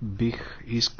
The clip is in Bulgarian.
бих искал